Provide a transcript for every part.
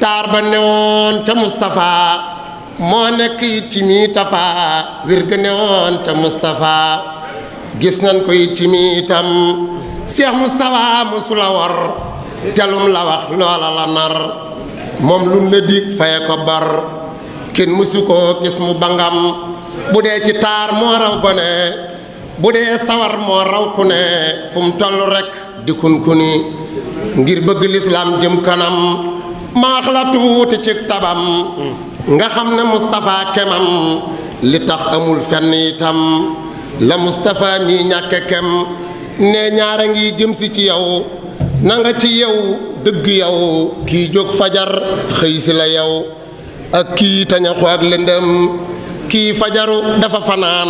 taar ba newoon ca Moustapha moo nekk it ci mii tafa wir ga ca Moustapha gis nañ ko it ci mii itam Cheikh Moustapha mosula war jalum la wax loola la nar moom lum la dig faye ko bar kenn mosu koo gis mu bangam bu dee ci taar moo raw gone bu dee sawar moo raw ku ne fu mu toll rek di kunkuni ngir bëgg lislaam jëm kanam maax la tuuti ci tabam nga xam ne Moustapha kemam li tax amul fenn itam la Moustapha mii ñàkke kem ne ñaara ngi jëm si ci yow na nga ci yow dëgg yow kii jóg fajar xëy la yow ak kii tañaxu ak lëndëm kii fajaru dafa fanaan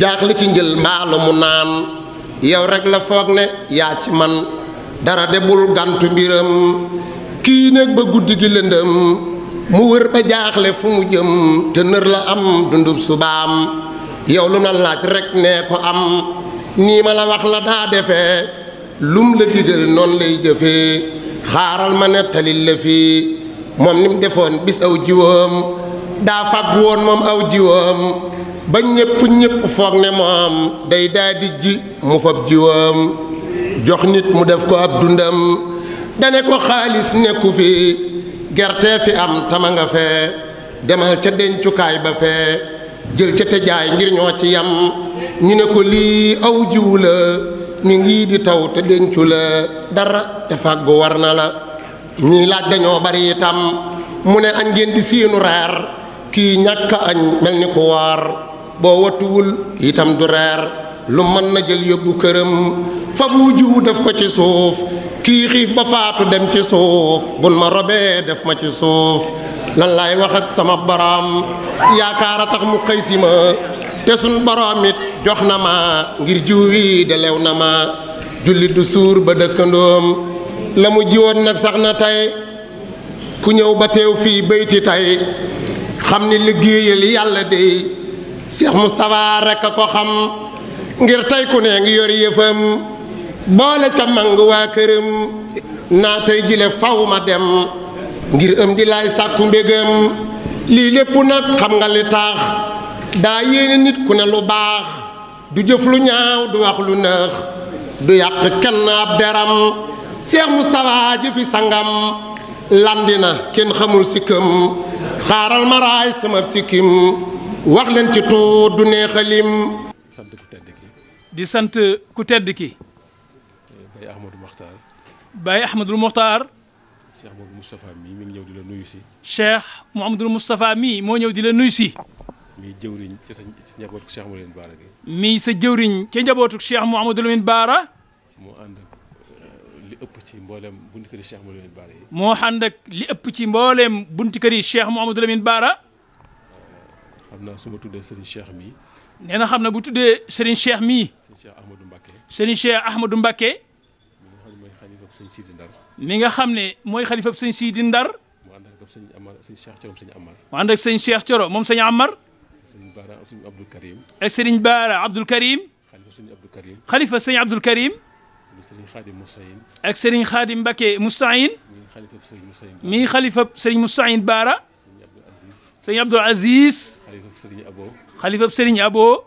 jaaxle ci njël mbaalu mu naan yow rekk la foog ne yaa ci man dara debul gantu mbiram kii néeg ba guddi gi lëndëm mu wër ba jaaxle fu mu jëm te nër la am dundub subaam yow lu na laaj rekk nee ko am nii ma la wax la daa defee lum la digal noonu lay jëfe xaaral ma nettali la fii moom ni defoon bis aw jiwam daa fag woon moom aw jiwam ba ñépp ñépp foog ne moom day daa di mu fab jiwam jox nit mu def ko ab dundam dane ko xaalis nekku fi gerte fi am tama nga fee demal ca dencukaay ba fee jël ca tejaay ngir ñoo ci yam ñu ne ko lii aw jiwu la ñu ngi di taw te dencu la dara te fàggu war na la ñuy laaj dañoo bari itam mu ne añ ngeen di siinu reer kii ñàkk añ mel ni ku waar boo wattuwul itam du reer lu mën na jël yóbbu këram fa bu jiwu def ko ci suuf kii xiif ba faatu dem ci suuf bun ma robee def ma ci suuf lan laay wax ak sama boroom yaakaar a tax mu xëy si ma te sun boroom it jox na ma ngir jiw yi de na ma jullit du suur ba dëkkandoom la mu jiwoon nag sax na tey ku ñëw ba teew fii bayti tey xam ni liggéeyal yàlla dey Cheikh Moustapha rekk a ko xam ngir tey ku ne ngi yor yëfam boole ca mang waa këram naa tey jile faw dem ngir ëm di laay sàkku mbegam lii lépp nag xam nga li tax daa yéene nit ku ne lu baax du jëf lu ñaaw du wax lu nëx du yàq kenn ab deram Seex Mustafaa jëfi sangam landi na kenn xamul sikkam xaaral ma raay sama sikkim wax leen ci tuut du neexalim di sant ku tedd ki Baye Ahmadou Mokhtar. Baye Ahmadou Mokhtar. Cheikh Mouhamadou Moustapha mii mi ngi ñëw di la nuyu si. Cheikh Mouhamadou Moustapha mii moo ñëw di la nuyu si. mii jëwriñ ca sa njabootu Cheikh Mouhamadou mii sa jëwriñ ca njabootu Cheikh Mouhamadou Lamine Baara. moo ànd ak euh, li ëpp ci mboolem bunti kër yi Cheikh Mouhamadou moo ànd ak li ëpp ci mboolem bunti kër yi Cheikh Mouhamadou Lamine Baara. Euh, xam naa su ma tuddee Serigne Cheikh mii. na xam na bu tuddee Serigne Cheikh mii. Serigne Cheikh Ahmadou Mbacké. Serigne Cheikh Ahmadou Mbacké. sëñ Sidi Ndar. mi nga xam ne mooy xalifa sëñ Sidi Ndar. mu ànd ak sëñ Amar sëñ Cheikh Thioro sëñ Amar. mu ànd ak sëñ Cheikh Thioro moom sëñ Amar. ak sëñ Baara sëñ Abdul Karim. ak sëñ Baara Abdul Karim. xalifa sëñ Abdul Karim. xalifa sëñ Abdul Karim. ak sëriñ Xaadim Mbakke Moussaïn. mi xalifa sëriñ Moussaïn Baara. sëriñ Abdul Aziz. xalifa sëriñ Abo.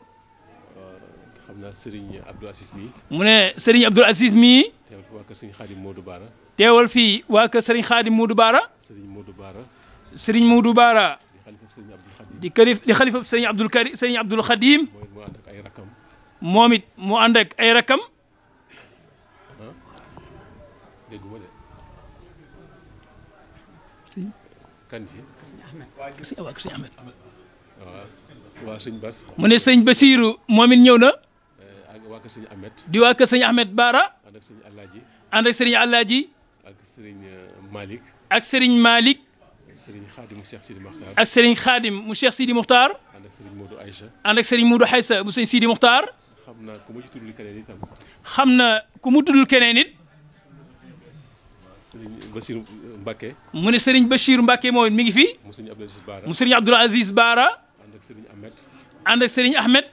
xam naa sëriñ Abdul Aziz mi. mu ne sëriñ Abdul Aziz mi. teewal fi waa kër sëriñ Xaadim Modou Baara. teewal fii waa kër sëriñ Xaadim Modou Baara. sëriñ Modou Baara. sëriñ Modou Baara. di xalifab di xalifab sëriñ Abdul Karim sëriñ Abdul Xadim. moom it mu ànd ak ay rakam. kan ci sëñ Ahmed waaw sëñ Bas mu ne sëñ Basiiru moom it ñëw na waa kër sëñ Ahmed. di waa kër sëñ Ahmed Baara. ànd ak sëñ Alaaji. ànd ak sëriñ Alaaji. ak sëriñ euh, Malick. ak sëriñ Malick. ak sëriñ Xaadim mu Cheikh Sidi Mokhtar. ak sëriñ Xaadim mu Cheikh Sidi Mokhtar. ànd ak sëriñ Modou Aïcha. ànd ak sëriñ Modou Aïcha bu sëñ Sidi Mokhtar. xam na ku mu tuddul keneen itam. xam na ku mu tuddul keneen it. sëriñ Bachir Mbacke. mu ne sëriñ Bachir Mbacke mooy mi ngi fi. mu sëriñ Abdoul Aziz Baara. mu sëriñ Abdoul Aziz Baara. ànd ak sëriñ Ahmed. ànd ak sëriñ Ahmed.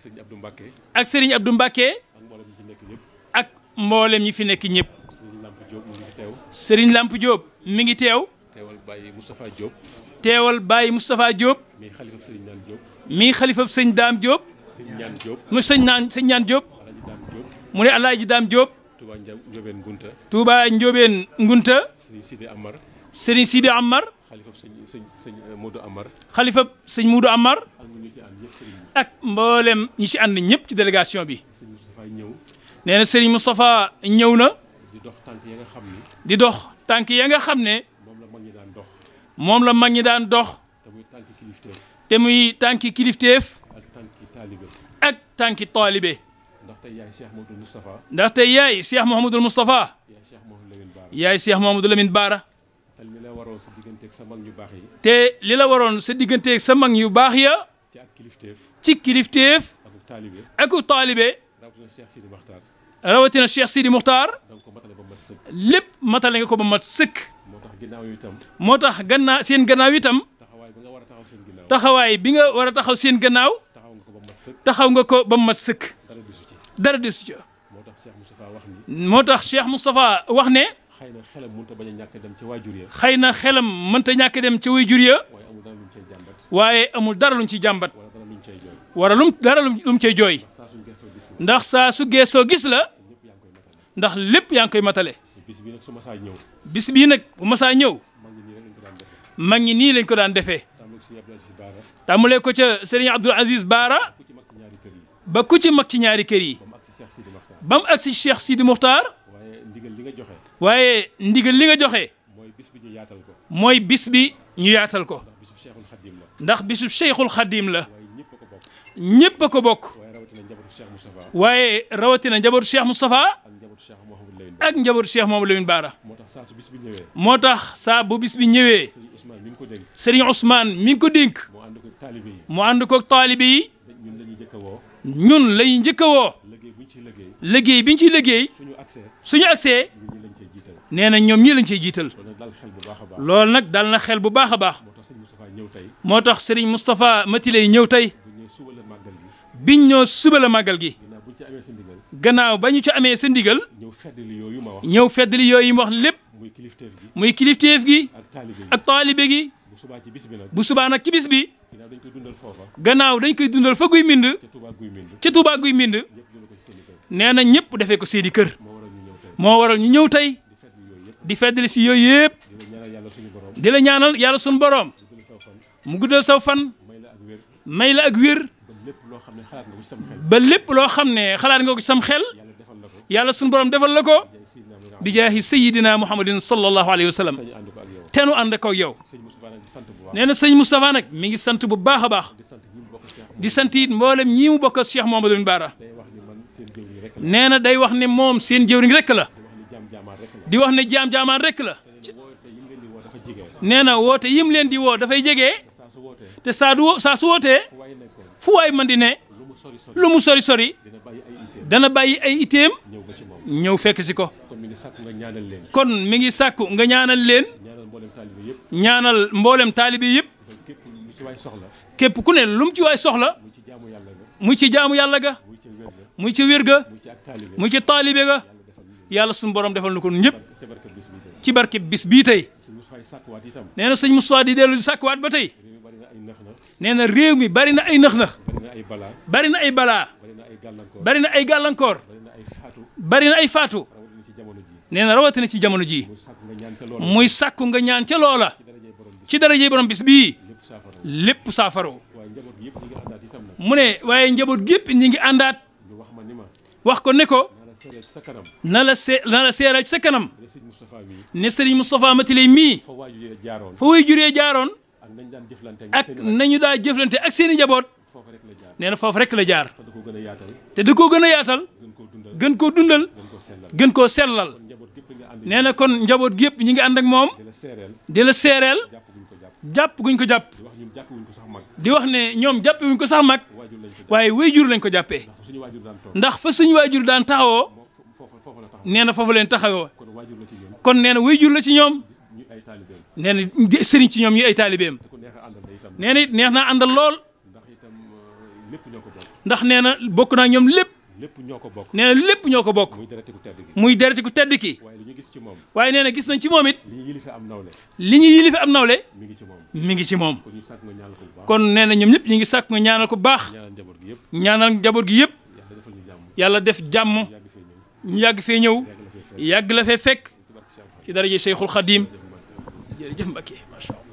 sëriñ Abdou Mbacke. ak sëriñ Abdou Mbacke. ak mboolem ñi fi nekk ñëpp. ak mboolem ñi fi nekk ñëpp. sëriñ Lamp Diop mi ngi teew. sëriñ Lamp Diop mi ngi teew. teewal Baye Moustapha Diop. teewal Baye Moustapha Diop. mii xalifab sëriñ Naan Diop. mii xalifab sëñ Daam Diop. sëñ Ñaan Diop. mu sëñ Naan sëñ Ñaan Diop. mu ne Alaaji Daam Diop. Touba Ndiobène Ngunta. Touba Ndiobène Ngunta. sëriñ Sidi Amar. sëriñ Sidi Amar. xalifab sëñ sëñ sëñ euh, Modou Amar. xalifab sëñ Modou Amar. ak mboolem ñi ci ànd ñëpp ci délégation bi. nee na Serigne Moustapha ñëw na. di dox tànk ya nga xam ne. di dox tànk ya nga xam ne. moom la mag ñi daan dox. moom la mag ñi daan dox. te muy tànki kilifteef. te muy tànki kilifteef. ak tànki taalibe. ak tànki taalibe. ndaxte yaay Cheikh Mouhamadul Moustapha. ndaxte yaay Cheikh Mouhamadul Moustapha. yaay Cheikh Mouhamadul Lamine Baara. yaay Cheikh Mouhamadul Baara. te li la waroon sa digganteeg sa mag yu baax ya ci kilifteef ak taalibe rawatina Cheikh Sidi Muxtaar lépp matale nga ko ba mat sëkk moo tax gannaaw seen gannaaw itam taxawaay bi nga war a taxaw seen gannaaw taxaw nga ko ba mat sëkk dara desu ca moo tax Cheikh Moustapha wax ne xay na xelam mënta bañ a ñàkk dem ci waajur ya. xëy na xelam mënta ñàkk dem ci waajur ya. waaye amul dara luñ ciy jàmbat. wara lum dara lum cay jooy. ndax saa su geesoo gis la. ndax lépp yaa ngi koy matale. bis bii nag su masaa ñëw. bis bii nag bu masaa ñëw. mag ñi nii lañ ko daan defee. tàmbalee ko ca Serigne Abdoul Aziz Baara. ba ku ci mag ci ñaari kër yi. ba mu agsi Cheikh Sidi Mokhtar. waaye ndigal li nga joxe. waaye ndigal li nga joxe. mooy bis bi ñu yaatal ko. mooy bis bi ñu yaatal ko. ndax bisu Cheikhul Xadim la. ñëpp a ko bokk. waaye rawatina njabootu Cheikh Moustapha. ak njabootu Cheikh Mouhamadou Lamine Bara. moo tax saa bu bis bi ñëwee. Serigne Ousmane mi ngi ko dénk. mu ànd koog taalibe yi. ñun lañuy njëkk a woo. liggéey bi ñu ciy liggéey. suñu accès. nee na ñoom ñii lañ cey jiital loolu nag dal na xel bu baax a baax moo tax sëriñ Moustapha Matiley ñëw tey biñ ñoo suba la màggal gi gannaaw ba ñu ci amee sa ndigal ñëw feddali yooyu ma wax lépp muy kilifteef gi ak taalibe gi bu subaa nag ci bis bi gannaaw dañ koy dundal fa guy mbind ca Tuubaa guy mbind nee na ñëpp defee ko seeni kër moo waral ñu ñëw tey di feddali si yooyu yëpp di la ñaanal yàlla suñu borom mu guddal saw fan may la ak wér ba lépp loo xam ne xalaat nga ko sam xel yàlla suñu borom defal la ko di jaahi sayidina muhammadin sallallahu alayhi wa sallam te nu ànd ko yow nee na sëñ Moustapha nag mi ngi sant bu baax a baax di sant it mboolem ñii mu bokk Cheikh Mouhamadou Bara nee na day wax ne moom seen jëwriñ rek la di wax ne jaam jaamaan rek la nee na woote yim leen di woo dafay jege te saa du saa su wootee fu waay man di ne lu mu sori sori dana bàyyi ay iteem ñëw fekk si ko kon mu ngi sàkku nga ñaanal leen ñaanal mboolem taalibe yëpp képp ku ne lu mu ci waay soxla mu ci jaamu yàlla ga mu ci wér ga mu ci taalibe ga yàlla suñu borom defal na ko ñëpp ci barke bis bii tey nee na sëñ Moustapha di dellu di sàkkuwaat ba tey nee na réew mi bari na ay nax-nax bari na ay balaa bari na ay gàllankoor bari na ay faatu nee na rawatina ci jamono jii muy sàkku nga ñaan ca loola ci darajey borom bis bii lépp saafaroo mu ne waaye njaboot gépp ñi ngi àndaat wax ko ne ko na la see na la seeral ci sa kanam ne sëriñ Moustapha Matiley mii fa waajuree jaaroon ak nañu daa jëflante ak seen i njaboot foofu rek la jaar te da gën a yaatal gën koo dundal gën koo sellal nee kon njaboot gi yëpp ngi ànd moom di la seereel jàpp guñ ko jàpp di wax ne ñoom jàppewuñ ko sax mag waaye waajur lañ ko jàppee ndax fa suñu waajur daan taxawoo nee na foofu leen taxawoo kon nee na waajur la ci ñoom nee na sëriñ ci ñoom ñu ay taalibeem nee na neex naa àndal lool ndax nee na bokk naa ñoom lépp nee na lépp ñoo ko bokk muy dereti ku tedd ki gis moom waaye nee na gis nañ ci moom it li ñu yilife am nawle li ñu yilife am nawle mi ngi ci moom mi ngi ci moom kon nee na ñoom ñëpp ñu ngi sàkk nga ñaanal ko baax ñaanal njaboot gi yëpp yàlla def jàmm ñu yàgg fee ñëw yàgg la fee fekk ci daraje Cheikhul Khadim jërëjëf Mbacke macha allah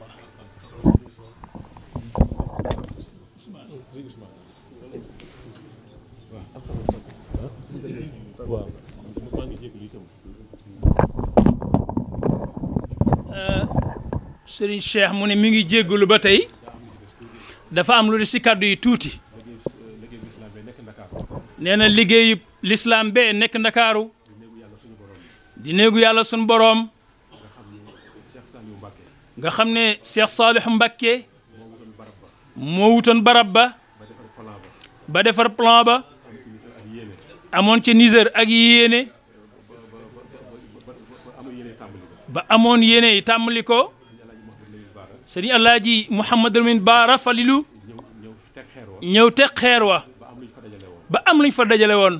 waaw sëriñ Cheikh mu ne mu ngi jéggalu ba tey dafa am lu des ci kàddu yi tuuti nee na liggéeyu lislaam bee nekk ndakaaru di néegu yàlla sun boroom nga xam ne Cheikh Saliou Mbacké moo wutoon barab ba ba defar plan ba amoon ci Niger ak yéene ba amoon yéene yi tàmbali ko sëriñ Alaaji Mouhamadul Min Baara Falilu ñëw teg xeer wa ba am luñ fa dajale woon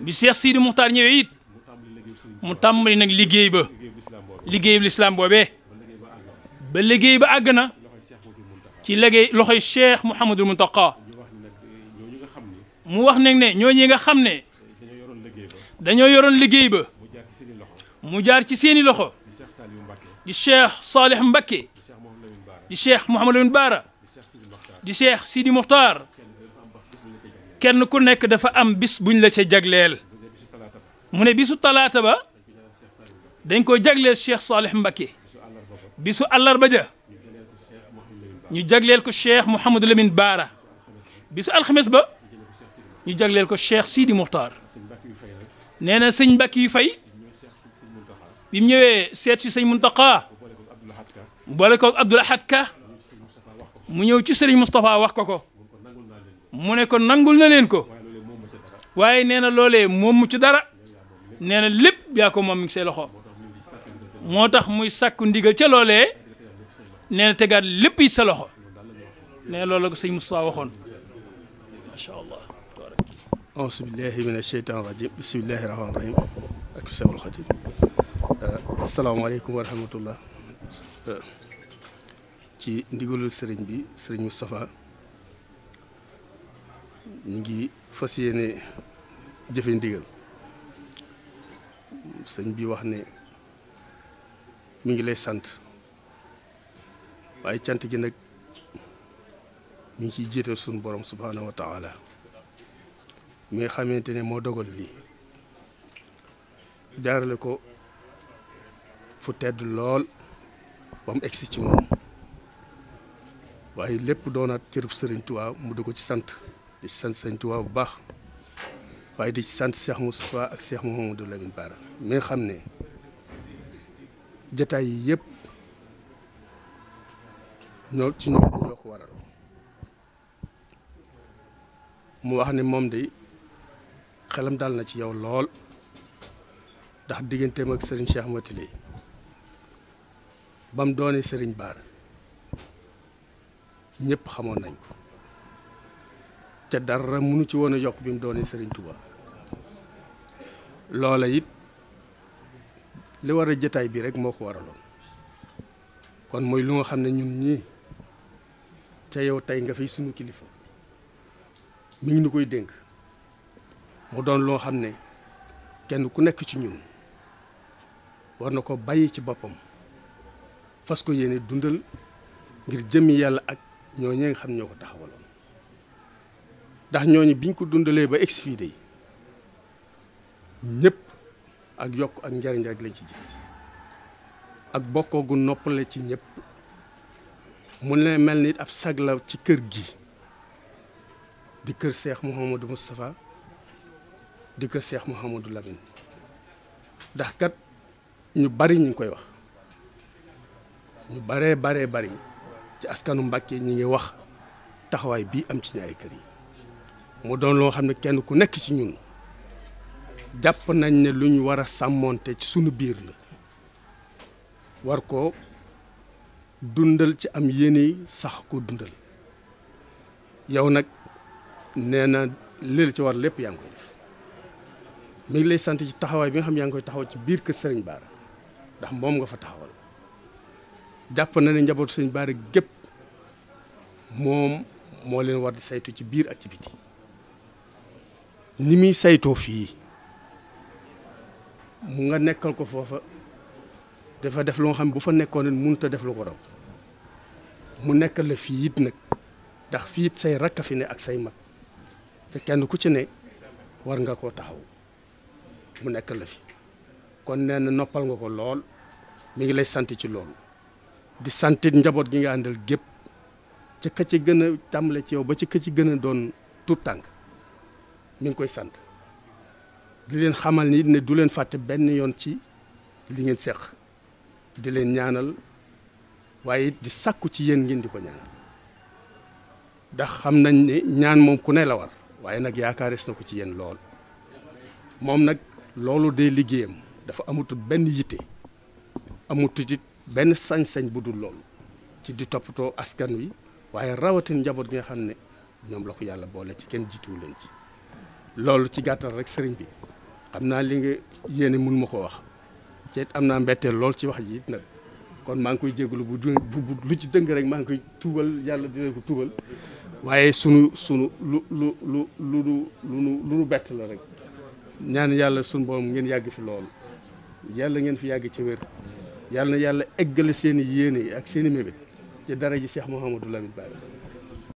bi Seex Sidi Muxtaar ñëwee it mu tàmbali nag liggéey ba liggéey bu lislaam boobee ba liggéey ba àgg na ci liggéey loxoy Cheikh Mouhamadul Muntaqa mu mu wax nag ne ñooñu nga xam ne dañoo yoroon liggéey ba mu jaar ci seeni loxo di Cheikh Saalih Mbakke di cheikh Mouhamadou Baara di cheikh Sidi ku nekk dafa am bis buñ la ca jagleel mu ne bisu talaata ba dañ ko jagleel cheikh Salih Mbacké bisu àllarba jagleel ko cheikh Mouhamadou Lamine Baara bisu ba ñu jagleel ko cheikh Sidi nee na sëñ Mbacké yu fay bi mu seet si sëñ Muntaqa boole ko Abdoul Ahad Ka mu ñëw ci Serigne Moustapha wax ko ko mu ne ko nangul na leen ko waaye nee na loolee mu ci dara nee na lépp yaa ko moom mi ngi loxo moo tax muy sàkku ndigal ca loole nee na tegaat lépp yi sa loxo nee na loolu la ko sëñ Moustapha waxoon macha ci ndigalu sëriñ bi sëriñ Moustapha mu ngi fas yéene jëfe ndigal sëñ bi wax ne mu ngi lay sant waaye cant gi nag mu ngi ciy jiital sunu borom subhaanahu wa taala mi nga xamante ne moo dogal lii jaarale ko fu tedd lool ba mu egsi ci moom waaye lépp doonaat cërub sëriñ Tuubaa mu du ko ci sant di ci sant sëriñ Tuubaa bu baax waaye di ci sant Cheikh Moustapha ak Cheikh Mouhamadou Lamine Bara mi nga xam ne jataay yëpp ñoo ci mu wax ni moom de xelam dal na ci yow lool ndax digganteem ak sëriñ Cheikh Matili ba mu doonee sëriñ baara ñëpp xamoon nañ ko te dara mënu ci woon a yokk bi mu doonee sëriñ Touba loola it li war a jataay bi rek moo ko waraloon kon mooy lu nga xam ne ñun ñii te yow tey nga fi sunu kilifa mi ngi nu koy dénk mu doon loo xam ne kenn ku nekk ci ñun war na ko bàyyi ci boppam fas ko yéene dundal ngir jëmmi yàlla ak ñooñee nga xam ñoo ko taxawaloon ndax ñooñu biñ ko dundalee ba egsi fii de ñëpp ak yokk ak njariñ rek lañ ci gis ak bokkoo gu noppale ci ñëpp mu ne mel nit ab sagla ci kër gi di kër seex Mouhamadou Moustapha di kër seex Mouhamadou Lamine ndax kat ñu bari ñu koy wax ñu baree baree bari ci askanu Mbàkke ñi ngi wax taxawaay bii am ci ay kër yi mu doon loo xam ne kenn ku nekk ci ñun jàpp nañ ne lu ñu war a sàmmoonte ci sunu biir la war ko dundal ci am yéene sax ko dundal yow nag nee na li ci war lépp yaa ngi koy def mi ngi lay sant ci taxawaay bi nga xam yaa ngi koy taxaw ci biir kër sëriñ Bara ndax moom nga fa taxawal. jàpp na ne njabootu sëñ Bara gépp moom moo leen war di saytu ci biir ak ci biti ni muy saytoo fii mu nga nekkal ko foofa dafa def loo xam bu fa nekkoon mënut a def lu ko raw mu nekkal la fii it nag ndax fii it say rakk ak say mag kenn ku ci ne war nga koo taxaw mu nekkal la fi kon nee noppal nga ko lool mu ngi lay sant ci loolu. di santit njaboot gi nga àndal gépp ci ka ci gën a tàmbale ci yow ba ci ka ci gën a doon tuut tànk mi ngi koy sant di leen xamal ni ne du leen fàtte benn yoon ci li ngeen seq di leen ñaanal waaye di sàkku ci yéen ngeen di ko ñaanal ndax xam nañ ne ñaan moom ku ne la war waaye nag yaakaares na ko ci yéen lool moom nag loolu day liggéeyam dafa amatul benn yitte amatul it benn sañ-sañ bu dul loolu ci di toppatoo askan wi waaye rawatin njaboot gi nga xam ne ñoom la ko yàlla boole ci kenn jiituwu leen ci loolu ci gàttal rek sëriñ bi xam naa li nga yéene mun ma ko wax ceet am naa mbetteel lool ci wax ji it nag kon maa ngi koy jégalu bu bu lu ci dëng rek maa ngi koy tuubal yàlla dina ko tuubal waaye sunu sunu lu lu lu lu lu lu lu bett la rek ñaan yàlla sunu borom ngeen yàgg fi lool yàlla ngeen fi yàgg ci wér yàlla na yàlla eggale seen i yéene ak seen i mébét ci dara ji Cheikh Mouhamadou Lamine Bara